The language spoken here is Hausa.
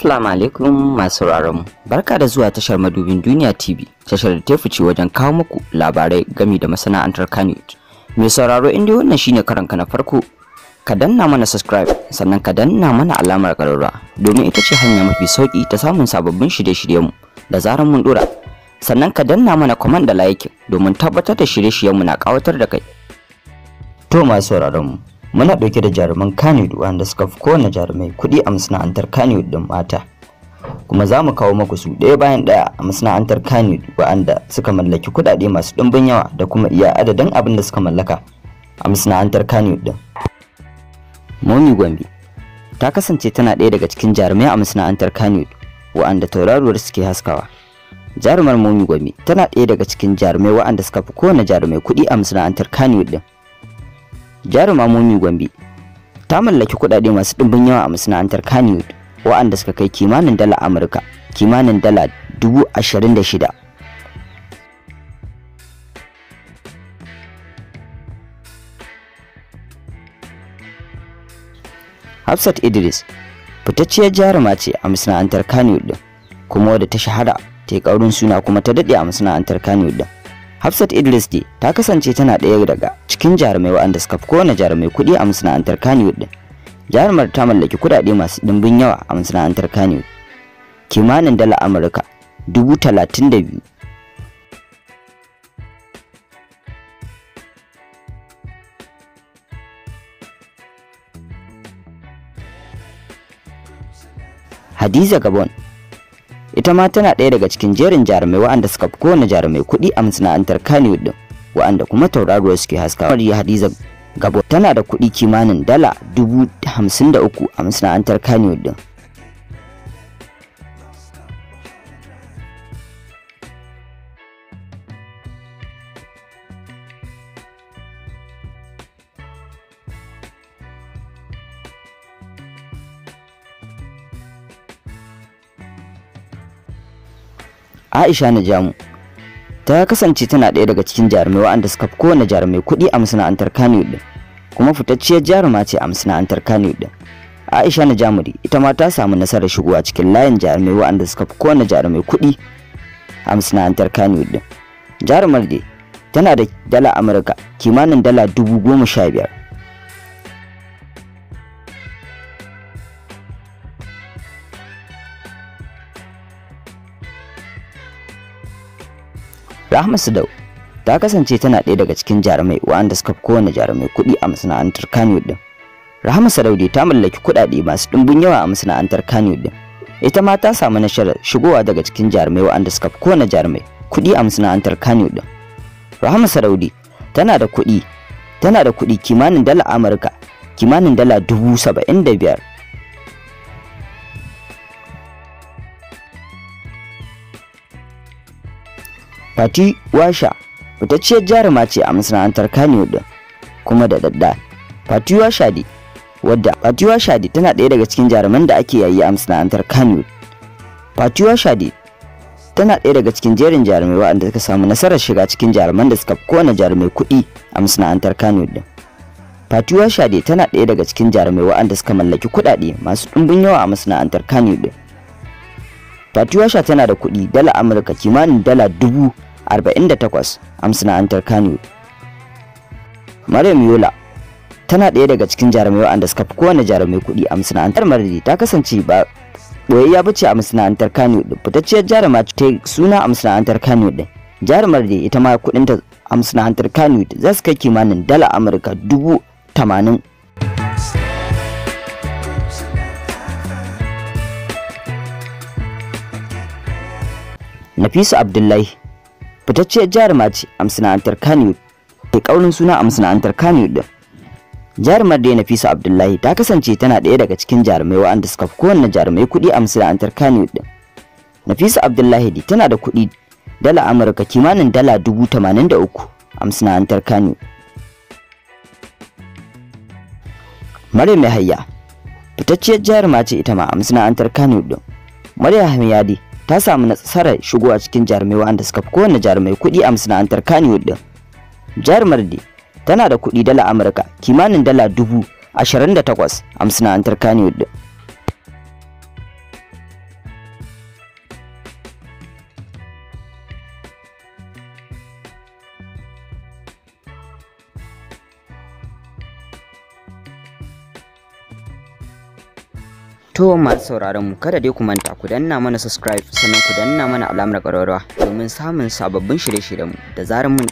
Assalamu alaikum masu mu Barka da zuwa tashar madubin Duniya TV, tashar da ta fice wajen kawo muku labarai gami da masana'antar Kanut. Mai sauraro inda wannan shine karanka na farko, ka danna mana subscribe sannan ka danna mana alamar kararra domin ita ce hanya mafi sauki ta samun sababbin shirye-shiryen mu da zarar mun dora. Sannan ka danna mana comment da like domin tabbatar da shirye-shiryen mu na kawatar da kai. To masu sauraron mu muna ɗauke da jaruman kanewood wanda suka fi kowane jarumai kuɗi a masana'antar kanewood ɗin mata kuma za mu kawo maku su ɗaya bayan ɗaya a masana'antar kanewood wa'anda suka mallaki kuɗaɗe masu ɗimbin yawa da kuma iya adadin abin da suka mallaka a masana'antar kanewood ɗin momi gombe ta kasance tana ɗaya daga cikin jarumai a masana'antar kanewood wa'anda tauraruwar suke haskawa jarumar momi gombe tana ɗaya daga cikin jarumai wa'anda suka fi kowane jarumai kuɗi a masana'antar kanewood ɗin jaruma momi gombe ta mallaki kuɗaɗe masu ɗimbin yawa a masana'antar kaniwood wa'anda suka kai kimanin dala amurka kimanin dala dubu ashirin da shida hafsat idris fitacciyar jaruma ce a masana'antar kaniwood kuma wadda ta shahara ta yi ƙaurin suna kuma ta daɗe a masana'antar kaniwood din Hafsat Idris De ta kasance tana ɗaya daga cikin jarumai waɗanda suka fi kowane jarumai kuɗi a masana'antar Kannywood ɗin. Jarumar ta mallaki kuɗaɗe masu ɗimbin yawa a masana'antar Kannywood. Kimanin dala Amurka dubu talatin da biyu Hadiza Gabon ita ma tana ɗaya daga cikin jerin jarumai waɗanda suka fi kowane jarumai kuɗi a masana'antar Kannywood ɗin, waɗanda kuma tauraruwa suke haska Mariya Hadiza Gabo tana da kuɗi kimanin dala dubu hamsin da uku a masana'antar Kannywood ɗin. Aisha Najamu ta kasance tana ɗaya daga cikin jarumai waɗanda suka fi kowane jarumai kuɗi a masana'antar din kuma fitacciyar jaruma ce a masana'antar din Aisha Najamuri ita ma ta samu nasarar shigowa cikin layin jarumai waɗanda suka fi kowane jarumai kuɗi a masana'antar ɗin. jarumar dai tana da dala Amurka kimanin dala dubu goma sha biyar Rahma Sadau ta kasance tana ɗaya daga cikin jarumai waɗanda suka fi kowane jarumai kuɗi a masana'antar Kano din. Rahma Sadau dai ta mallaki kuɗaɗe masu ɗumbin yawa a masana'antar Kano din. Ita ma ta samu nasarar shigowa daga cikin jarumai waɗanda suka fi kowane jarumai kuɗi a masana'antar Kano din. Rahma Sadau tana da kuɗi tana da kuɗi kimanin dala Amurka kimanin dala dubu saba'in da biyar fati washa fitacciyar jaruma ce a masana'antar Kano din kuma da dadda fati washa di wadda fati washa di tana ɗaya daga cikin jaruman da ake yayi a masana'antar Kano. fati washa di tana ɗaya daga cikin jerin jarumai waɗanda suka samu nasarar shiga cikin jaruman da suka fi kowane jarumai kuɗi a masana'antar Kano din Washa di tana ɗaya daga cikin jarumai waɗanda suka mallaki kuɗaɗe masu ɗumbin yawa a masana'antar Kano ɗin. Fati Washa tana da kuɗi dala Amurka kimanin dala dubu 48 a masana'antar Kano. Maryam Yola tana ɗaya daga cikin jarumai waɗanda suka fi kowane jarumai kuɗi a masana'antar Maradi ta kasance ba boyayya bace a masana'antar Kano da fitacciyar jaruma ta suna a masana'antar Kano din. Jarumar da ita ma kuɗin ta a masana'antar Kano za su kai kimanin dala Amurka dubu tamanin. Nafisu Abdullahi fitacciyar jaruma ce a masana'antar Kano ke kaunin suna a masana'antar Kano din jarumar dai Nafisa Abdullahi ta kasance tana ɗaya daga cikin jarumai waɗanda suka fi kowanne jarumai kuɗi a masana'antar Kano din Nafisa Abdullahi dai tana da kuɗi dala Amurka kimanin dala dubu tamanin da uku a masana'antar Kano mai haya fitacciyar jaruma ce ita ma a masana'antar Kano din Maryam Hamiyadi ta samu nasarar shigo a cikin jarumai wanda suka fi kowane jarumai kuɗi a masana'antar Kannywood din. Jarumar dai tana da kuɗi dala Amurka kimanin dala dubu ashirin da takwas a masana'antar Kannywood din. To masu sauraron mu kada dai ku manta ku danna mana subscribe sannan ku danna mana alamar ƙwararwa domin samun sababbin shirye-shiryen mu da zarar mun